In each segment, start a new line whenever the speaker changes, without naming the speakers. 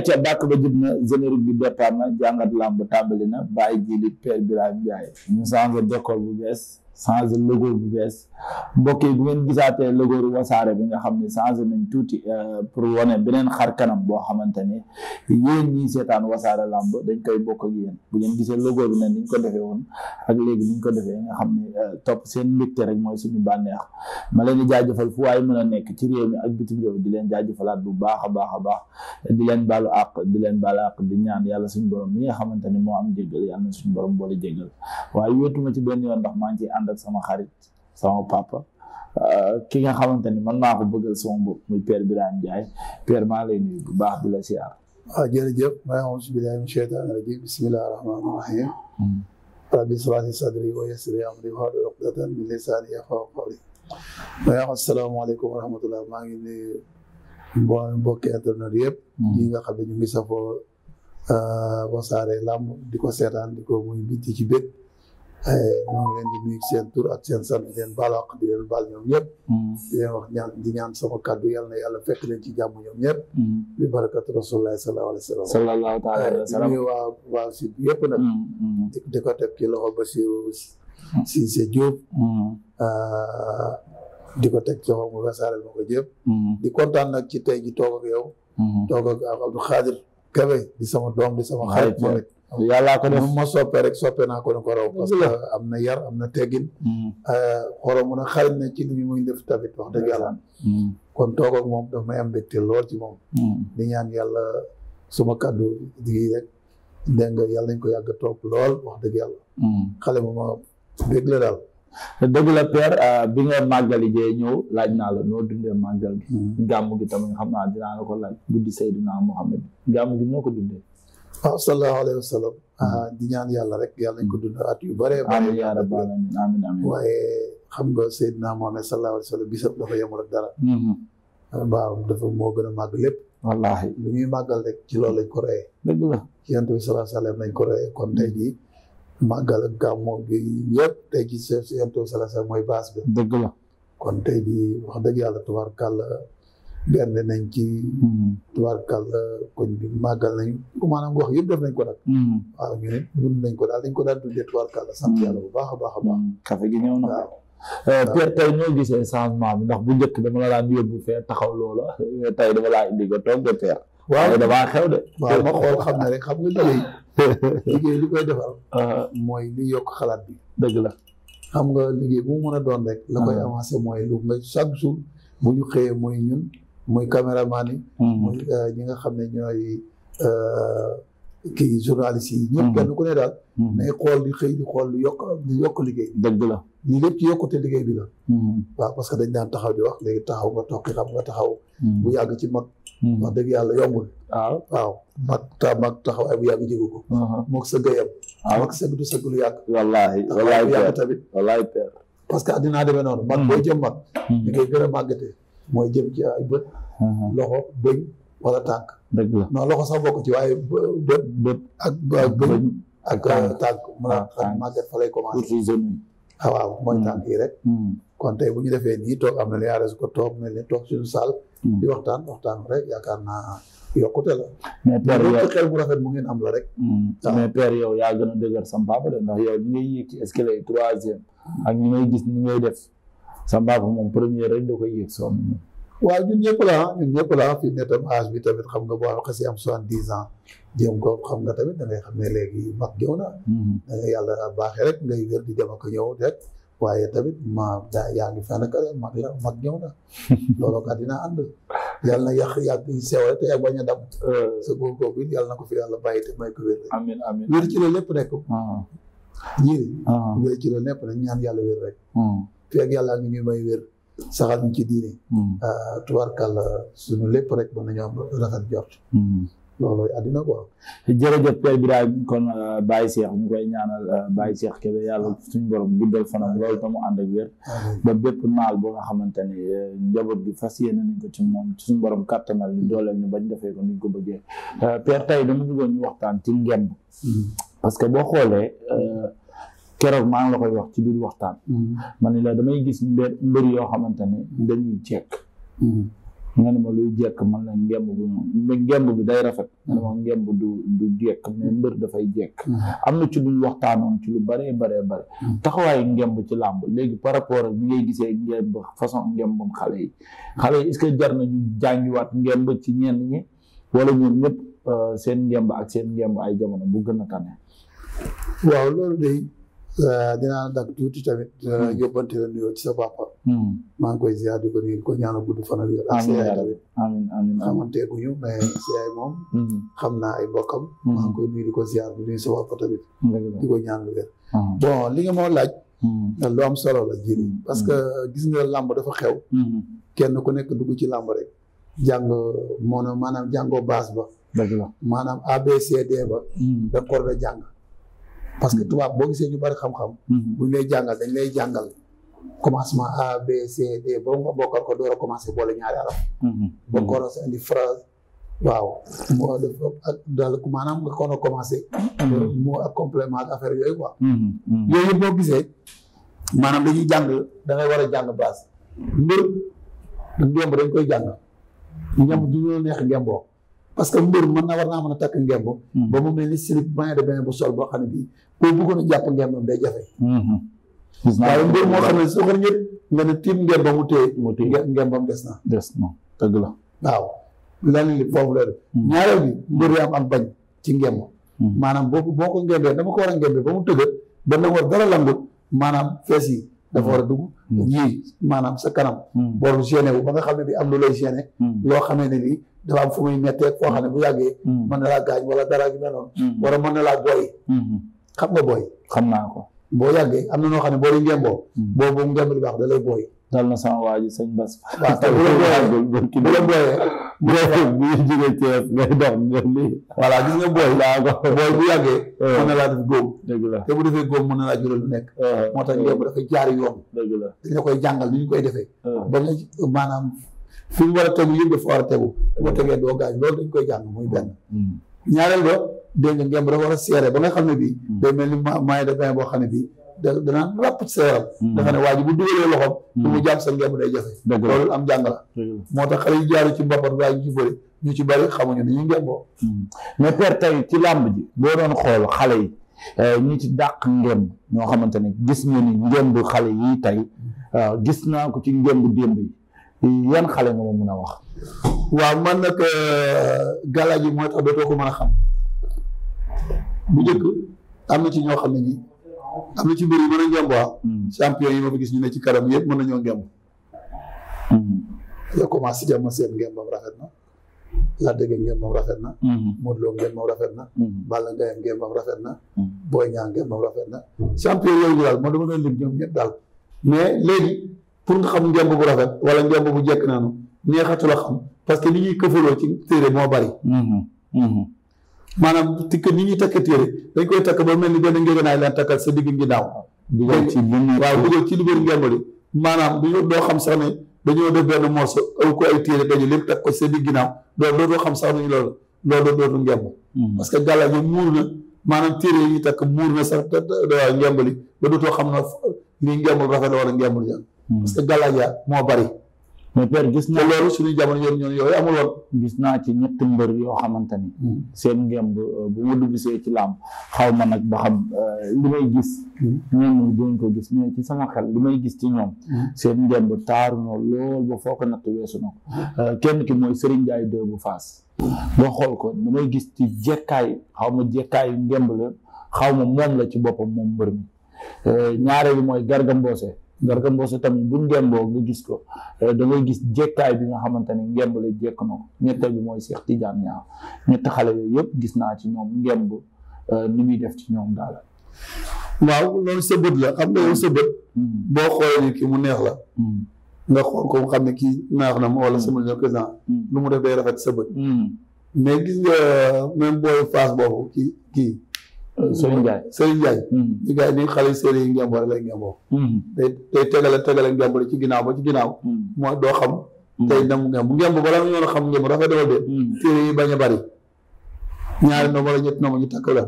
ayca bàkk ba jub na générique bi départ na jàngat làmb tàmbali na bàyyi jiili Père Birahim Ndiaye mu changé d'école bu bees changé logo bu bees mbokkee bu ngeen gisaatee logo wasaare bi nga xam ne changé nañ tuuti euh, pour wane beneen xar kanam boo xamante ne yéen ñii seetaan wasaare làmb dañ koy bokk ak bu ngeen gisee logo bi ne niñ ko defee woon ak léegi niñ ko defee nga xam ne euh, topp seen mbégte rek mooy suñu bànneex ma leen di jaajëfal fu waaye mën a nekk ci réew mi ak bitim réew di leen jaajëfalaat bu baax a baax a baax di leen baalu àq di leen baalu àq di ñaan yàlla suñu borom mi nga xamante ne moo am jéggal yàlla na suñu borom boole jéggal waaye wéetuma ci benn yoon ndax maa ngi ciy ànd ak sama xarit sama papa euh, ki nga xamante ni man naa ko bëggal sama bopp muy père Birame Ndiaye père bu baax di la siyaar. waaw ah, jërëjëf maa ngi auzu billaahi mina sheytaani rajiim bismillaahi rahmaani rahiim. Hmm. rabbi ishrah li sadri wa yassir li amri wahlul uqdatan min lisaani yafqahu qawli. maa ngi nuyu mbokki internet yëpp. Hmm. ñi nga xam ne ñu ngi safoo euh, Wassare Lamb di ko seetaan di ko muy bitti ci bët. ñoo eh, ngi leen di nuyu seen tur ak seen sant di leen baal wax di leen baal ñoom ñëpp. Hmm. di leen wax ñaan di ñaan sama kàddu yàlla na yàlla fekk leen ci jàmm ñoom ñëpp. Hmm. bi barakatu rasulullah sallallahu alayhi wa wa sallam eh, nuyu waa waa sud bi yëpp nag. Hmm, di ko teg ci loxo Bassirou Cissé eh, di ko teg kontaan nag ci tey ji toog ak yow. toog ak Abdou Khadir Kébé di sama doom di sama xarit moom yàllaa ko def ma soppe rek soppee naa ko ne ko raw parce que am na yar am na teggin hmm. euh, xoromu na xarit na ci li muy def tabit wax dëgg yàlla hmm. kon toog moom daf may am mbégte lool ci moom hmm. di ñaan yàlla suma kàddu di rek dégg nga yàlla nañ ko yàgg toog lool wax dëgg yàlla xale moom ma bég la daal dëgg la père euh, bi nga màggal jee ñëw laaj naa la noo dundee màggal gi gàmm gi tamit xam naa dinaa la ko laaj guddi Seydina Mohamed gàmm gi noo ko dundee waaw sallallahu alayhi wa sallam di ñaan yàlla rek yàlla ñu ko dund at yu bëree bëri waaye xam nga Seydina Mohamed sallallahu alayhi wa sallam bisam dafa yemul ak dara mm-hmm. waaw dafa moo gën a màgg lépp wallaahi lu ñuy màggal rek ci lool lañ ko reyee bi sallallahu alayhi ko kon tey jii màggal ak gàmmu gi yëpp tey jii yonent bi sallallahu alayhi wa sallam mooy baas bi dëgg la kon tey bernde nañ ci hmm. tubaarkàlla koñ bi màggal nañ ko maanaam wax yëpp def nañ ko nag hmm. waaw nañ ko daal dañ ko daal tuddee tubaarkàlla sant hmm. yàlla a a baax café gi ñëw na waaw euh, gisee changement ndax bu njëkk dama la daan yóbbu fee taxaw tey dama laa indi nga toog de xew de waaw ma xool xam ne rek xam nga liggéey li koy defal ah. mooy li yokk xalaat bi dëgg la xam nga liggéey bu mu mën a doon rek la koy ah. avancé mooy lu nga chaque jour bu ñu xëyee mooy ñun muy caméraman yi. Hmm. muy euh, ñi nga xam ne ñooy euh, kii journalistes yi. ñëpp hmm. kenn ku ne daal. Hmm. mais xool di xëy di xool di yokk di yokk liggéey. dëgg la lii lépp ci liggéey bi la. waaw parce que dañ daan taxaw di léegi taxaw nga tokki xam nga taxaw. bu yàgg ci mag. wax dëgg yàlla yombul. waaw ah. waaw mag ta mag taxawaay bu yàgg jégu ko. Uh-huh. moog sëgg a ah. yem. waaw mag sëgg du sëgg lu yàgg. wallaahi wallaahi parce que dinaa demee noonu. mag boo jëm mag. di koy mooy jëm ci ay bët uh-huh. loxo bëñ wala tànk dëgg la non loxo sax bokk ci waaye bët bët ak bëñ ak tànk mun a ah, màgget fa lay commencé ah waaw mooy hmm. tànk yi rek hmm. kon tey bu ñu defee nii toog am na lu yaarees ko toog mel ni toog suñu saal hmm. di waxtaan waxtaan rek yaakaar naa yokkute la mais père yow xel bu rafet mu ngeen am la rek mais père yow yaa gën a dëgër sam papa de ndax yow ñu ngay yéeg ci escalier yi ak ñi ngay gis ñi ngay def sa mbaa moom premier rek da koy yëg soo waaw ñun ñëpp la ah ñun ñëpp la ah fii bi tamit xam nga boo xasee am soixante-dix ans jéem ko xam nga tamit da xam ne léegi mag ñëw na. Mm-hmm. da nga yàlla baaxee rek ngay wér di dem ak ñëw rek waaye tamit ma daa yaa ngi fenn kër mag la yàlla na yàq yàq sew rek te euh. yàlla na ko fi yàlla bàyyi te may ko wér. amiin amiin wér ci la lépp rek. Ah. ñii ah. wér ci la lépp rek ñaan yàlla wér rek. Mm. feeg yàlla mi ñu may wér saxal ñu ci diine hmm. ah, tubaarkàlla suñu lépp rek mën nañu am rafet jort hmm. loolu àddina ko jërëjëf Père Birahim kon ah, Baye Cheikh ñu koy ñaanal ah, Baye Cheikh Kébé yàlla suñu borom guddal fanam loolu tamu ànd ak wér ba bépp naal boo nga xamante ne eh, njaboot gi fas yéene nañ ko ci moom suñu borom kàttanal ñu dooleel bañ defee ko nuñ ko bëggee Père tey dama bëggoon ñu waxtaan ci ngemb hmm. parce boo xoolee eh, keroog maa ngi koy wax ci biir waxtaan. Mm-hmm. man ni la damay gis mbir mbir yoo xamante ne dañuy jekk. Mm-hmm. nga ne ma luy jekk man la ngemb bi ngemb bi day rafet. nga ne ma mm-hmm. du du jekk mais mbir dafay jekk. am na ci luñ ci lu baree baree bare. taxawaayu ngemb ci làmb léegi par rapport ak bi ngay gisee ngemb façon ngembam xale yi. xale yi est que jar nañu jàngiwaat ngemb ci ñenn ñi wala ñoom ñëpp euh, seen ngemb ak seen ngemb ay jamono bu gën a tane. waaw loolu day. Eh, dinaa dagg tuuti tamit. Hmm. yóbbante la nuyoo sa papa. Hmm. maa ngi koy ziar di ko nuyu ko ñaanal gudd fan ak. amiin amiin amiin amiin xamante ku ñu mais hmm. si ay moom. xam naa ay mbokkam. maa ngi koy nuyu ko ziar di nuyu sa papa tamit. di ko ñaanal wér. Ah. bon li nga moo laaj. Eh, lu am solo la jëriñ. parce que gis nga làmb dafa xew. kenn ku nekk dugg ci làmb rek. jàng mono maanaam jàngoo baas ba. dëgg la maanaam ABCD ba. da ko war a jàng. parce que tubaab boo gisee ñu bari xam-xam. Mhm. buñ lay jàngal dañ lay jàngal commencement A B C D ba nga bokkal ko door a commencé boole ñaari arab. Mhm. ba ko kon a commencé. Mhm. moo ak complément ak affaire yooyu quoi. yooyu boo gisee maanaam dañuy jàng da war a jàng base. mbir ngemb dañ koy jàng. ngemb du neex ngemboo. parce que mbër man na war naa mën a takk ngemb hmm. ba mu mel ni slip maillot de bain bu sol boo xam ne bii boo bëggoon a jàpp ngembam day jafe hmm. waaye mu téye na des na dëgg la waaw leneen li foofu hmm. ñaareel bi mbër yaa am am bañ ci ngemb maanaam boobu boo ko ngembee dama ko war a ngembee ba mu tëgg ba nag war dara langut maanaam fees yi dafa war a dugg yii hmm. maanaam sa kanam hmm. boolu gêné wu ba nga xam ne bi am lu lay gêné loo xamee ne nii dafa am fu muy mettee foo xam ne bu yàggee man hmm. na laa gaañ wala dara gi mel noonu wala mën na laa booy xam nga booy xam naa ko boo yàggee am na noo xam ne boo di ngemboo boo boobu ngemb lu baax da lay booy dal na sama waa ji sëñ bu la booyee booy bu ñu jógee Thiès ngay dox nga lii. voilà gis nga booy. bu yàggee. mën na laa def góom. la te bu defee góom mën na laa jural lu nekk. moo tax léegi dafa jaar yoon. la dañ la koy jàngal ni ñu koy defee. ba nga maanaam fi mu war a tegu yëpp dafa war a tegu. boo tegee doo gaañ loolu dañ koy jàng muy benn. Mm. ñaareel ba dégg nga ngemb dafa war a seere ba nga xam ne bii. Mm. day mel ni maay de fin boo xam ne bii. dana ràpp ci hmm. dafa ne waa ji bu dugalee loxoom bu hmm. mu jàpp sa ngemb day jafe loolu am jàng la moo tax xale yu jaaru ci mbappat waa ji ci bëri ñu ci bëri xamuñu dañuy ngemboo hmm. mais père tey ci làmb ji boo doon xool xale yi euh, ñi ci dàq ngemb ñoo xamante ne gis nga ni ngemb xale yi tey euh, gis naa ko ci ngemb démb yi yan xale nga mun a wax waaw man nag euh, gala ji mooy tax dootoo ko mën a xam bu njëkk am na ci ñoo xam ne ñi am na ci mbir yi mën a ngemb waa hmm. yi ma fa gis ñu ne ci kanam yëpp mën nañoo ngemb hmm. yo commencé jàmm seen ngembam rafet na Lac de Guiers ngembam rafet na hmm. Modou Lo ngembam rafet na Balla Gaye ngembam rafet na Boy Niang ngembam rafet na champion yooyu daal moo dama doon lim daal mais léegi pour nga xam ngemb bu rafet wala ngemb bu jekk naanu neexatu la xam parce que li ñuy këfaloo ci téere moo bari maanaam tikk ni ñuy takk téere dañ koy takk ba mel ni benn naa leen takkal sa digg ginnaaw dugal ci waaw dugal ci li biir ngemb doo xam sax ne dañoo def benn morceau aw ay téere dañu lépp takk ko sa digg ginnaaw loolu dootoo xam sax nañu loolu loolu dootu ngemb hmm. parce que gàllaaj yi muur na maanaam téere takk muur na sax waaw ngemb li ba dootoo xam na lii ngembul rafet la wala ngembul ya hmm. parce que gàllaaj yaa moo bari mais père gis naa loolu suñu jamono yoon ñoon yooyu amul gis naa ci ñetti mbër yoo xamante ni hmm. seen ngemb euh, bu ma duggsee ci làmb xaw ma nag ba xam euh, li may gis ñoom hmm. gis ci sama xel gis ci ñoom hmm. seen ngemb taaru na lool ko natt weesu euh, kenn ki mooy Serigne Ndiaye bu Faas boo xool ko damay gis ci jekkaay xaw ma jekkaayu ngemb la xaw ma moom la ci boppam moom mbër mi ñaare bi mooy Garga Garga Mbossé tamit bu ngemboo nga gis ko eh, da gis jekkaay bi nga xamante ne ngemb la jekk na ko ñetteel bi mooy seex Tidiane Niang ñett xale yooyu yëpp gis naa ci ñoom ngemb eh, ni muy def ci ñoom daal. waaw loolu sa bët la xam nga yow sa hmm. boo xoolee ni mu neex la. Hmm. nga xool xam ne kii naax na hmm. mu wala sama ñoom président. lu mu def day rafet sa bët. mais gis nga euh, même booy Fass boobu kii kii. Serigne Ndiaye Serigne Ndiaye ñi hmm. gars yi ni xale séeréer yi ngemboo rek lay ngemboo hmm. day day tegale tegale ngemboo ci ginnaaw ba ci ginnaaw hmm. moo doo xam tey na mu ngemb ngemb bala ñoon xam ngemb rafet dafal de téere yi bañ a bari ñaari ndomba la ñett ñu takk la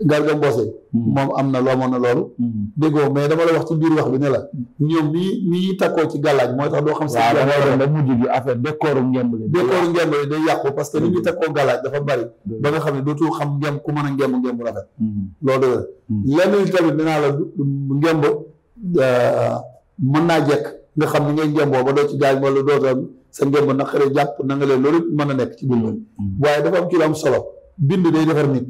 Garga Mbossé hmm. moom am na loo mën a loolu hmm. déggoo mais dama la wax ci biir wax bi ne la ñoom ni ni takkoo ci gàllaaj mooy tax doo xam sa mujj gi affaire décor ngemb li décor ngemb li day yàqu parce que ni ñuy takkoo gàllaaj dafa bari ba nga xam ne dootu xam ngemb ku mën a ngemb ngemb rafet hmm. loolu dëgg lenn yi tamit dinaa euh, mën naa jekk nga xam ni ngay ngemboo ba doo ci gaañ wala dootam sa ngemb na xëre jàpp na nga leen loolu mën a nekk ci biir waaye dafa am ci lu am solo bind day defar nit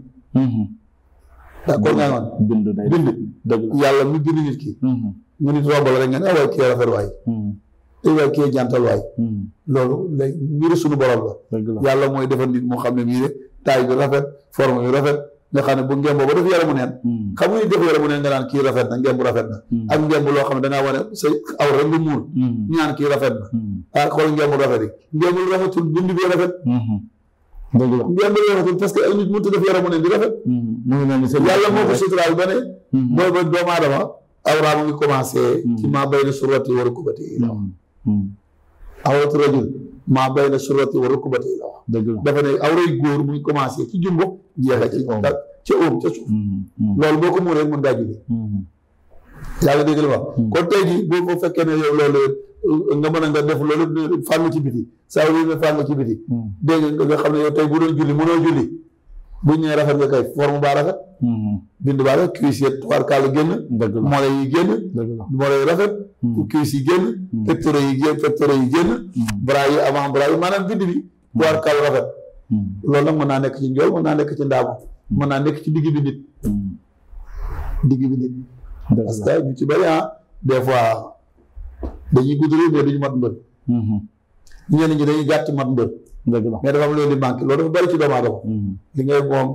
d'accord nga man bind bind yàlla mi bind nit ki ñu mm-hmm. nit romb la rek nga ne awaay kii rafet waay ay
mm-hmm.
waay kii jantal waay mm-hmm. loolu lay mbiru suñu borom la yàlla mooy defar nit moo xam ne mii de taay bi rafet forme bi rafet nga xam ne bu ngem booba def yaramu neen xam nga def yaramu neen nga naan kii rafet na ngemb rafet na ak ngemb loo xam ne dangaa wane sa aw rek nga muur ñu naan kii rafet na ah ngemb rafet yi ngemb rafetul bind bi rafet dëgg la ngeen doon rafetul parce que ay nit mënut a def yaramu mm-hmm. yàlla moo ko suturaal ba ne. Mm-hmm. mooy doomu aadama awra mu ngi commencé. Mm-hmm. ci maa surati wa rukubati la wax. awratu rajul maa bay na surati wa rukubati la dafa ne awray góor mu ngi commencé ci jumbo. jeexal ci ca ca suuf. loolu boo ko muuree mën ngaa julli. yàlla dégg la wax. kon tey jii boo ko fekkee ne yow loolu nga mën a nga def loolu fànn ci biti saa yu ne fànn ci biti hmm. dégg nga xam ne yow tey bu doon julli mënoo julli bu ñu nee rafet nga kay forme baa rafet hmm. bind baa rafet cuisse yi tubaarkaal génn moole yi génn moole yi rafet hmm. cuisse yi génn pectoraux yi génn pectoraux yi génn bras yi avant bras yi maanaam bind bi tubaarkaal rafet loolu nag mën naa nekk ci njool mën naa nekk ci ndaamu mën naa nekk ci digg bi nit digg bi nit parce que ñu ci bari ah des dañuy gudd rek mais duñu mat mbër. Mm-hmm. ñenn ñi dañuy gàtt mat mbër. dëgg la mais dafa am lu leen di manqué loolu dafa bëri ci doomu aadama. Mm-hmm. li ngay moom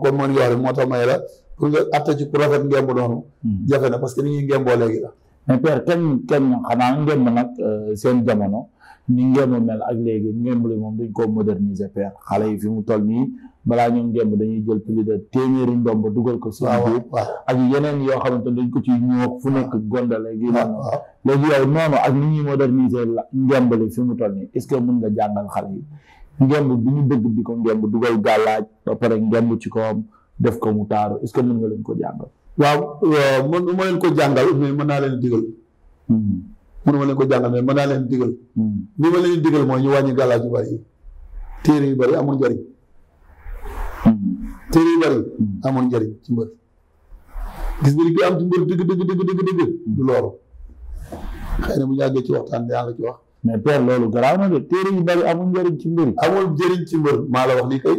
moo tax may la pour nga atta ci ku rafet ngemb noonu. Mm-hmm. jafe na parce que ni ñuy ngemboo léegi la. mais père kenn kenn xanaa ngemb nag euh, seen jamono. ni ngémb mel ak léegi ngémb li moom dañ koo moderniser père xale yi fi mu toll nii balaa ñu ngémb dañuy jël plus de téeméeri ndomb dugal ko suñu biir ak yeneen yoo xamante ne dañ ko ci ñëw fu nekk gondale gi noonu léegi yow noonu ak ni ñuy la ngémb li mu toll nii est-ce que mën nga jàngal xale yi ngémb bi ñu bëgg bi ko ngémb dugal gàllaaj ba pare ngémb ci kawam def ko mu taaru est-ce que mën nga leen ko jàngal waaw euh, mën ma leen ko jàngal mais mën naa leen digal hmm. mënuma leen ko jàngal mais mën leen digal hmm. li ma leen digal mooy ñu wàññi gàllaaj yu bëri yi téere yu bëri amul njëriñ hmm. téere yu hmm. njëriñ ci mbër gis nga li am ci mbër dëgg dëgg dëgg dëgg dëgg du loolu xëy na bu ñu àggee ci waxtaan yaa la ci wax mais père loolu garaaw na de téere yu amul njëriñ ci amul njëriñ ci mbër maa la wax lii kay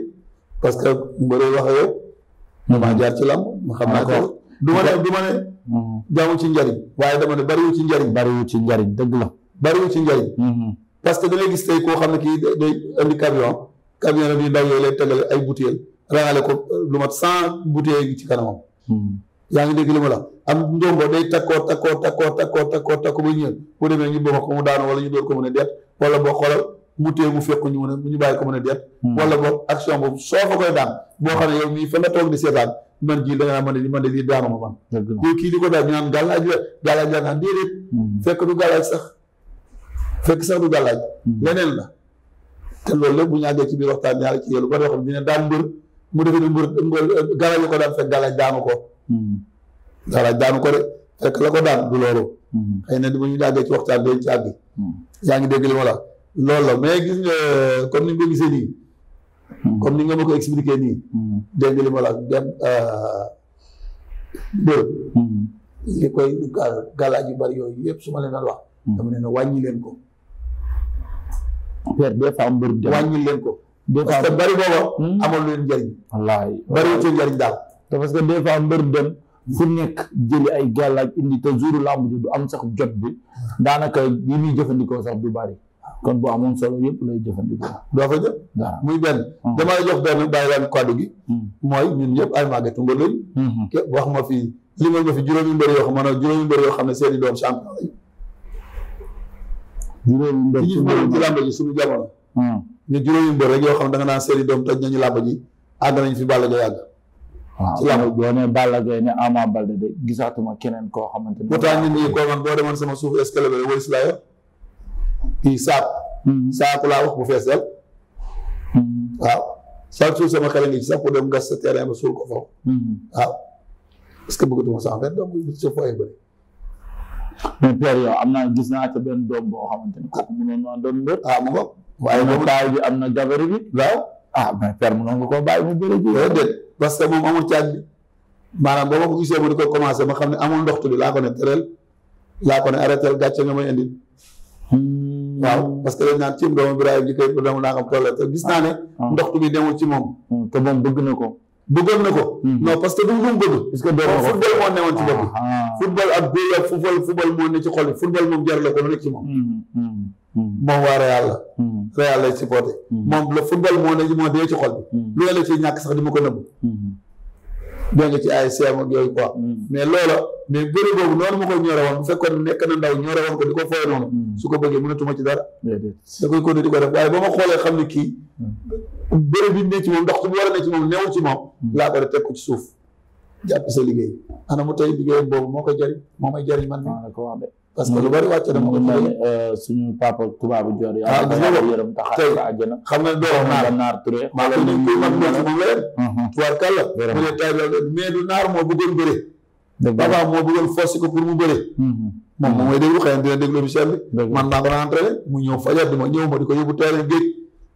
parce que mbër yi wax yow ma jaar ci lamb ma xam naa ko du ne du ne jaamu ci njariñ waaye dama ne bariwu ci njariñ bariwu ci njariñ dëgg la bariwu ci njariñ mm-hmm. parce que da ngay gis tey koo xam ne kii day indi camion camion bi ndaw yooyu lay tegale ay butéel rangale ko euh, lu mat cent butéel ci kanamam mm-hmm. yaa ngi dégg lu ma la am njombo day takkoo takkoo takkoo takkoo takkoo takkoo ba ñëw bu demee ñu boma ko mu daanu wala ñu door ko mu ne det wala boo xoolal mu téye mu fekk ñu mën a ñu bàyyi ko mën a deet hmm. wala boog action boobu soo fa koy daan boo xam ne yow mii fa nga toog di seetaan man ji da nga naan di mën di daanu daanuma man yow kii di ko daan naan gàllaaj la gàllaaj la naan déedéet hmm. fekk sax fekk sax du hmm. te loolu bu ñu ci biir waxtaan yàlla ci yàlla ba xam ne daan mbër mu defee ne mbër mbër ko daan fekk gàllaaj daanu ko gàllaaj daanu ko de fekk la ko daan du loolu xëy na bu ñu àggee ci waxtaan dañ ci àgg yaa ngi dégg li ma la loolu la mais gis nga comme ni nga ko nii. Hmm. comme ni nga ma ko expliqué nii. Hmm. dégg nga ma la dem euh, dégg hmm. li koy galaaj yu bari yooyu yëpp su ma leen a wax. dama leen a wàññi leen ko. père des fois wàññi leen ko. des fois parce que bari booba. amul leen daal. te parce que des fois mbir dem. fu nekk jëli ay gàllaaj indi te jouru lamb ji du am sax jot bi daanaka yi muy jëfandikoo sax du bari. kon bu amoon solo yëpp lay jëfandikoo. doo fa jël dara muy benn. Hmm. damay jox benn bàyyi leen kàddu gi. Hmm. mooy ñun ñëpp ay màggatu mbër lañ. Hmm. képp wax ma fi li ma fi juróomi mbër yoo xam ne juróomi mbër yoo xam ne seen doom champion lañ. juróomi mbër ci làmb ji suñu jamono. ñu da nga naan doom toj nañu làmb àgg nañ fi Balla Gaye yàgg. waaw waaw boo nee Balla ne Ama Baldé de gisaatuma keneen koo xamante ne. pourtant ñun ñii koo man boo demoon sama suuf escalier wala si laa kii saaku mm-hmm. saaku laa wax bu fees del mm-hmm. waaw chaque jour sama xel ngi ci sax pour dem gas sa terrain ba suul ko foofu mm-hmm. que bëggatuma sax benn mais père yow am naa gis naa ca benn doom boo xamante ne ah, mu ngoog waaye moom taay am na jabari bi waaw ah mais nga koo bàyyi mu bëri ji déedéet parce que moom amul caag bi boo ma ko xam ne amul ndoxtu laa ko ne tëreel laa ko ne arrêté gàcce nga may indi hmm. waaw hmm. parce que dañ naan cim doomu Birahim ji koy problème naa xam problème te gis naa ne ah. ah. ndoxtu bi demul ci moom hmm, te moom bëgg na ko bëggoon na ko hmm. non parce que du lu mu bëgg parce que football moo newoon ci ah, bopp football ak góor ak football football moo ne ci xol football moom jarale ko lu nekk ci moom moom waa Real la Real lay supporté moom le football moo ne moo dee ci xol bi lu la ci ñàkk sax di ma ko nëbb dégg nga ci ay seem ak yooyu ko hmm. mais loola mais bëri boobu noonu ma ko ñoore woon bu fekkoon nekk na ndaw ñoore ko di ko fooy noonu hmm. su ko bëggee mënatuma ci dara
da
ko continuer di ko def waaye ba ma xoolee xam ne kii hmm. bëri bi ne ci moom ndox bu war a ne ci moom neewu ci moom laa ko di teg ko ci suuf jàpp sa liggéey ana mu tey liggéeyam boobu moo koy jariñ moo may jariñ man ko parce lu bari wàcc na ma ko mel euh, suñu papa tubaabu joor yaa ah, yërëm te xaar xam ne doo naar naar Touré maa ngi moom la leen tubaar kàlla mu ne tay la moo bëggoon bëre baba moo pour mu bëre mhm. moom moom mooy déglu xëy na dina déglu officiel bi man maa ko daan entraîné mu ñëw fajar di ma ñëw ma di ko yóbbu terrain géej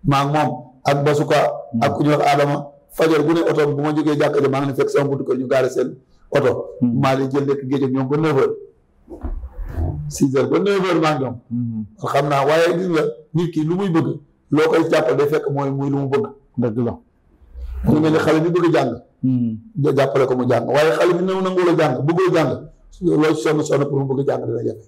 maa ngi moom ak basuka mhm. ak ku ñuy wax Adama fajar ne oto bu ma jógee jàkka ji maa ngi ne fekk sama buntu kër ñu gaari seen oto mhm. maa leen jël lekk géej ak six heures ba neuf heures maa ngi mhm. xam naa waaye gis nga nit lu muy bëgg loo koy jàppal day fekk mooy muy lu mu bëgg dëgg la ñu mel ni xale bi bëgg jàng mhm. nga jàppale ko mu jàng waaye xale bi néew nangu la jàng bëggul jàng loolu sonn sonn pour mu bëgg jàng dina jafe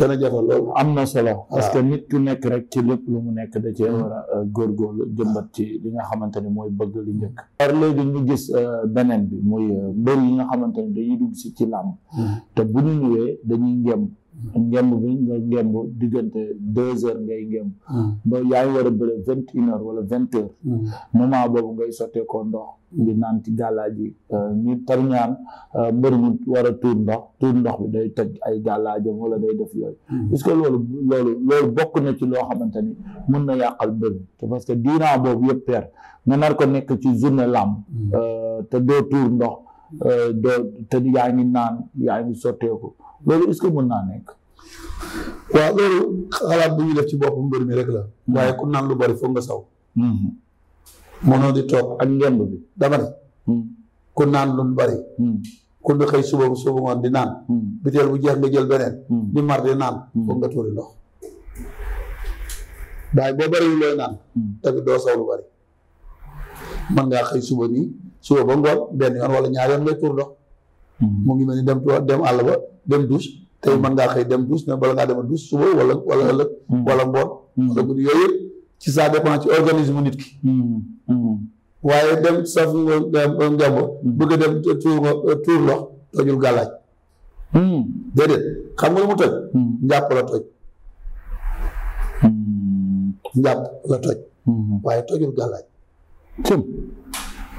dana jafe am na solo parce que nit ku nekk rek ci lépp lu mu nekk da cee mm. war a euh, góorgóorlu jëmbat ci li nga xamante ni mooy bëgg li njëkk par mm. léegi ñu gis euh, beneen bi muy euh, mbër yi nga xamante ni dañuy dugg si ci làmb mm. te bu ñu ñëwee dañuy ngem ngemb bi nga ngemb diggante deux heures ngay ngemb hmm. ba yaa war a bëre vingt une heure wala vingt heures hmm. moment boobu ngay sottee ndox di naan ci gàllaaj yi euh, ñu tarñaan euh, mbër mu war a tuur ndox tuur ndox bi day toj ay gàllaajam wala day def yooyu hmm. est que loolu loolu loolu bokk na ci loo xamante ni mën na yàqal mbër te parce que diinaa boobu yëpp peer nga nar ko nekk ci journée làmb euh, te doo tuur ndox doo te yaa ngi naan yaa ngi sotteeku loolu est-ce naa nekk. waaw loolu xalaat bu ñuy def ci boppam mbër mi rek la. Hmm. waaye ku naan lu bari foog nga saw. Hmm. mënoo di toog ak ngemb bi dama ne. Hmm. ku naan lu bari. ku ne xëy suba bu suba ngoon di naan. jël beneen. di mar di naan. foog boo bariwul looy naan. tamit doo saw lu bari. mën ngaa xëy ba ngoon benn yoon wala ñaar yoon ngay tuur ndox. mu ngi mel ni dem tool dem àll ba dem douche tey mën ngaa xëy dem douche ne bala ngaa dema douche suba wala wala ëllëg wala ngoon wala guddi yooyu ci nit ki hmm, hmm. waaye dem saf nga ngemb bëgg a dem tuur nga tuur lox tojul gàllaaj hmm. déedéet xam nga lu toj njàpp la toj njàpp la toj waaye tojul gàllaaj cëm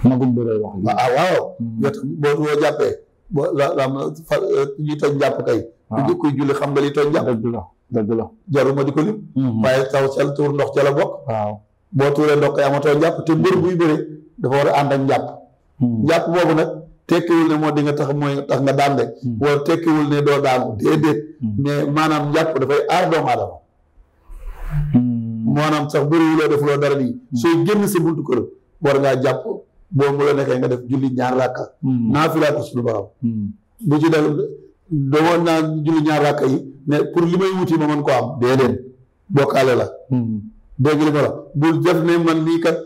magum bi lay wax ah waaw yow tam boo boo jàppee boo la la fa euh, li toj jàpp kay. waaw kuy julli xam nga li toj jàpp. dëgg la jaruma di ko lim. Mhm. waaye taw sel tuur ndox ca la bokk. boo tuuree ndox kay amatoo jàpp te mbër buy bëre dafa war a ànd ak njàpp. Mhm. njàpp boobu nag tekkiwul ne moo di nga tax mooy tax nga daan de. Mhm. wala tekkiwul ne doo daanu déedéet. mais maanaam njàpp dafay aar doomu aadama. maanaam sax bëriwuloo defuloo dara nii. sooy génn sa buntu kër war ngaa jàpp. boo mu la nekkee nga def julli ñaar rakka hmm. naafila ko suñu borom hmm. bu ci def domoon naa julli ñaar rakka yi mais pour li may wuti ma mën ko am déedéet bokkaale la hmm. dégg li ma la bul def ne man lii kat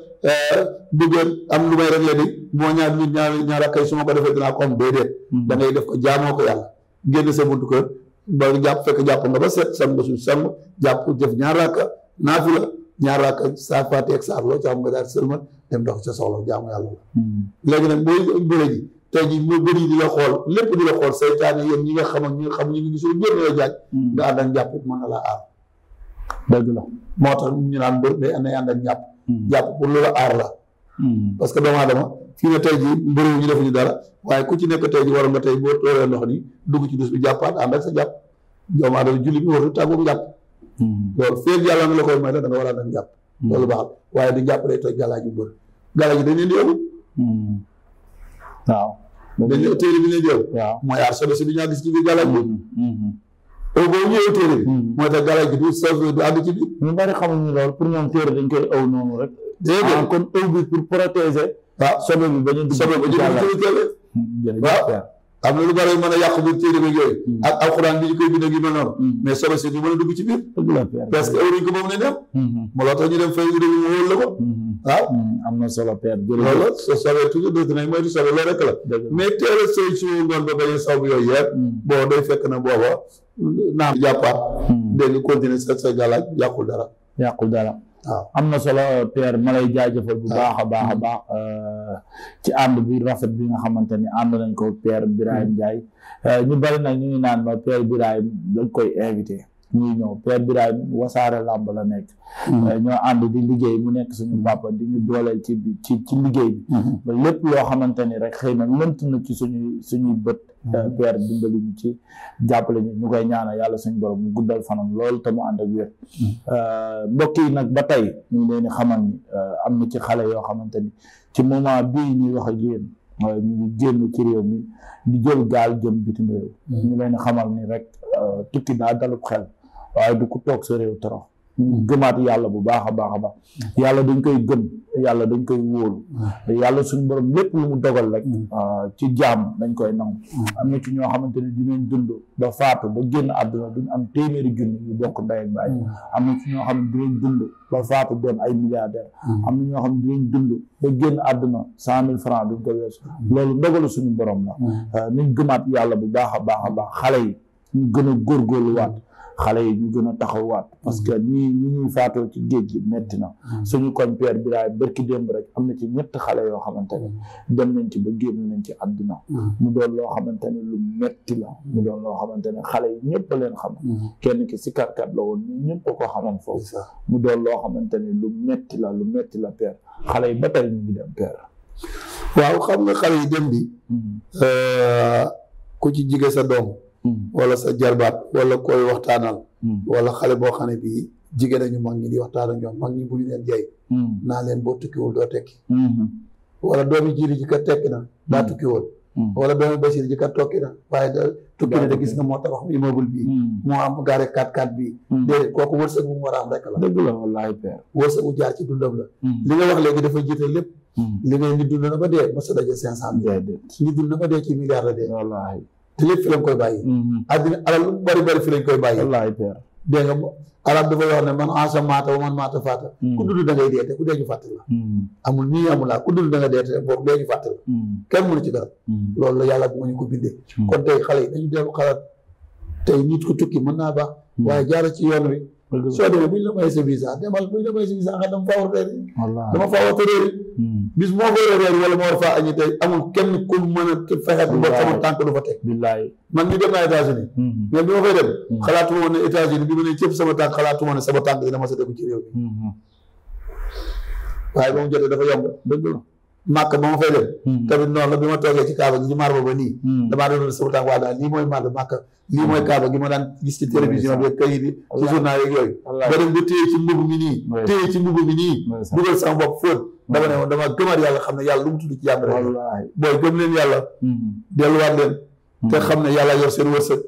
bëggoon euh, am lu may régler di moo ñaan ñu ñaar ñaar rakka yi su ma ko defee dinaa ko am déedéet da ngay def ko jaamoo ko yàlla génn sa buntu ko ba jàpp fekk jàpp nga ba set sangu suñu sangu jàpp def ñaar rakka naafila ñaar raaka saa fàtte ak saar loo ca xam nga daal sëlmal dem dox ca soxla jaamu yàlla la hmm. léegi nag booy mbëre ji tey ji mu bëri di la xool lépp di la xool saytaane yéen ñi nga xam ak ñi nga xam ñu ngi gisul mbir la jaaj nga ànd ak njàpp mën na laa aar dëgg la moo tax ñu naan mbër day ànd ànd ak njàpp hmm. jàpp pour lu la aar la hmm. parce que doomu aadama fii bi tey ji mbëriwu ñu dara waaye ku ci nekk tey ji war nga tey boo tooree ndox dugg ci dus bi jàppaat ànd ak sa jàpp doomu aadama julli bi warul tàggoog Hmm. loolu feeg yàlla nga la koy may da nga war a hmm. waaye di jàpp day toj galaaj yu bëri galaaj yi dañ leen di yóbbu hmm. waaw dañ téere bi mooy aar solo si bi ñaa gis ci biir galaaj bi au boobu ñëwee mooy tax galaaj bi du sof du àgg ci bi ñu bari xamuñu loolu pour ñoom téere dañ koy aw noonu rek déedéet ah, kon aw bi pour protéger waaw ah. sobe bi bañ a dugg sobe ba jël am na lu bari mën a yàqu biir téere bi yooyu hmm. ak alxuraan bi ñu koy bind ak yu noonu hmm. mais sobe si du mën a dugg ci biir parce que awriñ ko moom ne dem hmm. moo loo tax ñu dem fay ñu dem mu wóor la ah. am na solo père loolu so sobe toujours dootu nañ moytu sobe rek la mais teel a sëy ci ngoon ba bañ a saw bi yooyu yëpp bon day fekk na booba naam jàppaat dégg nga continuer sa sa gàllaaj yàqul dara yàqul dara waaw am na solo Pierre ma lay jaajëfal bu baax a baax a baax mm-hmm. euh, ci ànd bi rafet bi nga xamante ni ànd nañ ko Pierre Birahim jaay mm-hmm. euh, ñu bari nag ñu naan ma Pierre Birahim dañ koy invité ñuy ñëw Pierre Birahim wasaare làmb la nekk mm-hmm. euh, ñoo ànd di liggéey mu nekk suñu papa di dooleel ci ci ci liggéey bi ba lépp loo xamante rek xëy na lënt na ci suñuy suñuy bët Euh, hmm. père dimbali ñu ci jàppale ñu ñu koy ñaanal yàlla suñ borom mu guddal fanam loolu te mu ànd ak wér hmm. euh, mbokk yi nag ba tey ñu ngi leen xamal ni euh, am na ci xale yoo xamante ni ci moment bii ñuy wax ak yéen ñu ngi génn ci réew mi di jël gaal jëm bitim réew hmm. ñu leen xamal ni rek tukki daa dalub xel waaye du ku toog sa réew torox gëmaat yàlla bu baax a baax a baax yàlla dañ koy gën yàlla dañ koy wóolu mm. yàlla suñu borom lépp lu mu dogal rek mm. ah, ci jaam dañ koy nangu mm. am na ci ñoo xamante ne dinañ dund ba faatu ba génn àdduna duñ am téeméeri junni yu bokk ndey ak am na ci ñoo xam ne dinañ dund ba faatu doon ay milliardaire am na ñoo xam ne dinañ dund ba génn àdduna cent mille francs duñ ko weesu loolu ndogalu suñu borom la euh, nañ gëmaat yàlla bu baax a baax a baax xale yi ñu gën a góorgóorluwaat xale yi ñu gën a taxawaat parce que ñii ñi ñuy faatoo ci géej gi metti na mm-hmm. suñu koñ père bi laay bërki démb rek am na ci ñett xale yoo xamante ne mm-hmm. dem nañ ci ba génn nañ ci àdduna mm-hmm. mu doon loo xamante ne lu metti la mu doon loo xamante ne xale yi ñëpp leen xam kenn ki si karkat la woon ñu ñëpp a ko xamoon mu doon loo xamante ne lu metti la lu metti la xale yi ba tey ñu dem père waaw xam nga xale yi dem bi euh, ku ci jige sa doom Hmm. wala sa jarbaat wala koy waxtaanal hmm. wala xale boo xam ne bii jigéen ñu mag ñi di waxtaan ak ñoom mag ñi bu ñu leen jay hmm. naa leen boo tukkiwul doo tekki wala doomi jiiri ji kat tekki na daa tukkiwul wala doomi basir ji kat tokki na waaye da tukki na da gis nga moo tabax immeuble bii moo am gaare 4x4 bii déedéet kooku wërsëg bu mu war a am rek la dëgg la wallaahi père wërsëg bu jaar ci dundam la li nga wax léegi dafa jiite lépp li ngay nit dund na ba dee mos a daje lépp fi lañ koy bàyyi. Mm-hmm. àddina alal bari bari fi koy bàyyi. wallaay père dégg nga arab man ansa maata wa man maata faata. Mm-hmm. ku dund da ngay deete ku dee ñu fàtte la. Mm-hmm. amul nii amul laa ku dund da nga deete boo dee ñu fàtte la. kenn mënu ci dara. loolu la yàlla bu ñu ko bindee. kon tey xale yi dañu dellu xalaat tey nit tukki mën naa ba waaye jaara ci yoon wi. soo demee bu ñu la may sa visa demal bu ñu la may sa visa xam dama faa war a dama faa war a bis moo ko réer wala moo war faa añi tey amul kenn ku mën a fexe ba sama tànk du fa teg man ñu dem naa États-Unis hmm. mais bi ma fay dem hmm. xalaatuma woon ne états bi ma ne cëpp sama tànk xalaatuma ne sama tànk dina ma sa def ci réew mi hmm. waaye ba mu jotee dafa yomb dëgg la màkk ba ma fay dem hmm. tamit noonu la bi ma toogee ci kaaba gi ci marba ba nii hmm. damaa doon sama tànk waa daal lii mooy màkk màkk lii mooy kaaba gi ma daan gis ci télévision bi kayit yi ci journal yeeg yooyu ba xam ne yàlla lu tudd ci jàmm rek booy gëm leen yàlla hmm. delluwaat leen xam ne yàlla yor seen wërsëg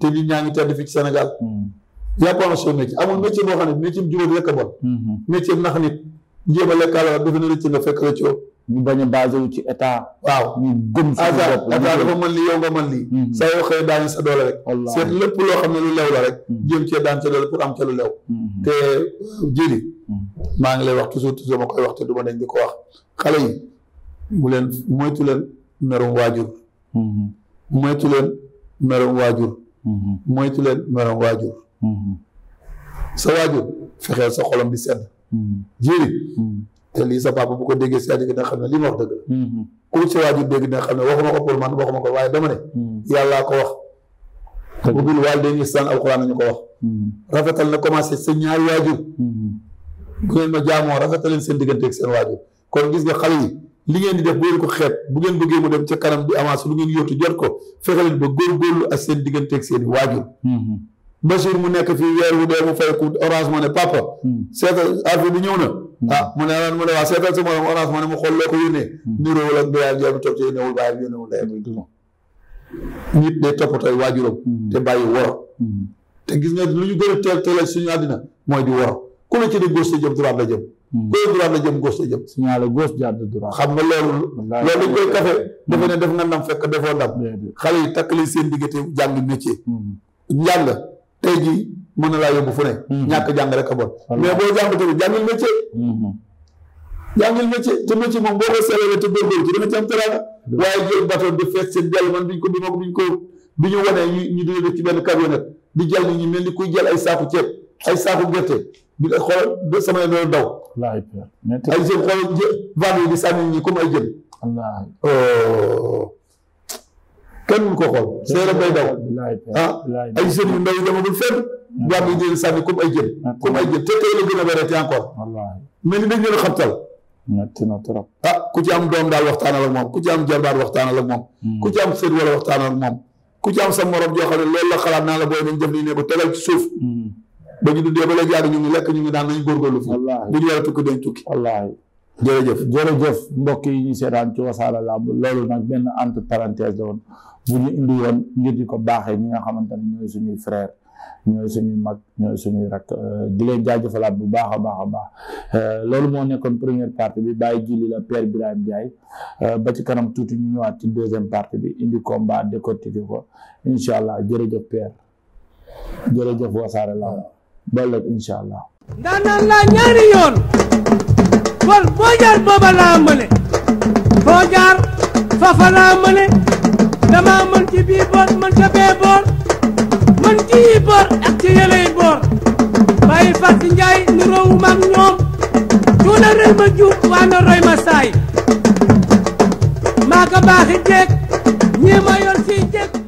te nit ñaa ngi tedd fii ci Sénégal yàppaama soo métier amul métier boo xam ne métier jubal rekk a bon métier nax nit njéem a lekkaala defe na rëcc nga fekk rëccoo ñu bañ a basé ci état. waaw ñu gëm suñu ma état dafa mën lii yow nga mën lii. Mm-hmm. saa yoo xëy daani sa rek. wallaahi seet lépp loo xam lu la rek. Mm-hmm. jéem mm-hmm. maa ngi lay wax toujours toujours ma du ma dañ di ko wax xale yi. bu leen moytu leen merum waajur. moytu leen merum waajur. moytu leen merum waajur. sa waajur fexeel sa xolam di sedd. jili te lii sa papa bu ko déggee si rajo na dina xam ne li ma wax dëgg la. Mhm. ku ci waajur dégg dina xam ne waxuma ko pour man waxuma ko waaye dama ne. Mhm. yàllaa ko wax.
dëgg la bu dul waalidayni
ihsaan alxuraan nañu ko wax. Mhm. rafetal na commencé sa ñaari waajur.
bu
ngeen ma jaamoo rafetal leen seen diggante seen waajur kon gis nga xale yi li ngeen di def bu ko xeeb bu ngeen bëggee mu dem ci kanam di avance lu ngeen yóotu jot ko fexe leen ba góorgóorlu ak seen diggante ak seen i waajur. Bachir mu nekk fii weer wu dee mu fay ku orange moo ne papa. seetal affaire bi ñëw na. ah hmm. mu ne lan mu ne waa seetal sama orange ma ne mu xool loo ko yónnee niroowul ak doyaal jooy bi toog ci yónneewul bàyyam yónneewul ndeyam hmm. nit hmm. te bàyyi woro te gis nga lu ñu gën teel teel suñu àddina mooy di woro ku la ci di gauche te jëm droite la jëm ku la droite la jëm gauche te jëm jàdd droite xam nga loolu loolu dañ koy kafe defe ne def nga ndam fekk defoo ndam xale yi takk leen seen diggante jàng métier njàng tey jii mën na laa yóbbu fu ne. Hmm. ñàkk jàng rek a bon. mais boo jàng tamit jàngil métier. Hmm. jàngil métier te métier moom boo ko seetlee te góorgóorlu ci dina ci am teraanga. Hmm. waaye jël bateau di fees seen jàll man biñ ko bi ma biñ ko bi ñu wanee ñu ñu dina def ci benn camionnette di jàll nit ñi mel ni kuy jël ay saaku ceeb ay saaku gerte di xool ba sama yoon daw. ay jën xool jë vanne yi di sànni ñi comme ay jën. kan du ko xool séeram day daw ah ay jeunes yu ndaw yi demagul fenn jàpp yi ngeen sànni comme ay jën comme ay jën te tey la gën a bëreet encore mais ni dañ leen a xabtal metti ah, ku ci am doom daal waxtaanal ak moom ku ci am jarbaat waxtaanal ak moom hmm. ku ci am sët wala waxtaanal ak moom ku ci am sa morom joo xam ne loolu la xalaat naa la booy nañ def nii ne ko tegal ci suuf hmm. ba ñu dundee ba léegi yàgg ñu ngi lekk ñu ngi daan nañ góorgóorlu fii bu ñu war a tukki dañ tukki jërëjëf jërëjëf mbokk yi ñu seetaan ci wasaara làmb loolu nag benn entre parenthèse la woon bu ñu indi woon ngir di ko baaxee ñi nga xamante ne ñooy suñuy frère ñooy suñuy mag ñooy suñuy rak euh, di leen jaajëfalaat bu baax a baax a baax euh, loolu moo nekkoon première partie bi bàyyi jili la père Birahim Ndiaye euh, ba ci kanam tuuti ñu ñëwaat ci deuxième partie bi indi combat décortiqué ko incha allah jërëjëf père jërëjëf wasaara làmb ba laa ñaari yoon. fon boo jaar booba laa mëne foo jaar fafa laa mëne dama mën ci bii boor mën ca bee boor mën ci yi boor ak ci yeley boor bàyyi fàtt njaay nu roowu maag ñoom cuuna rëy ma juub waa na roy ma saay maa ko baaxi jeeg ñii ma yor si jeeg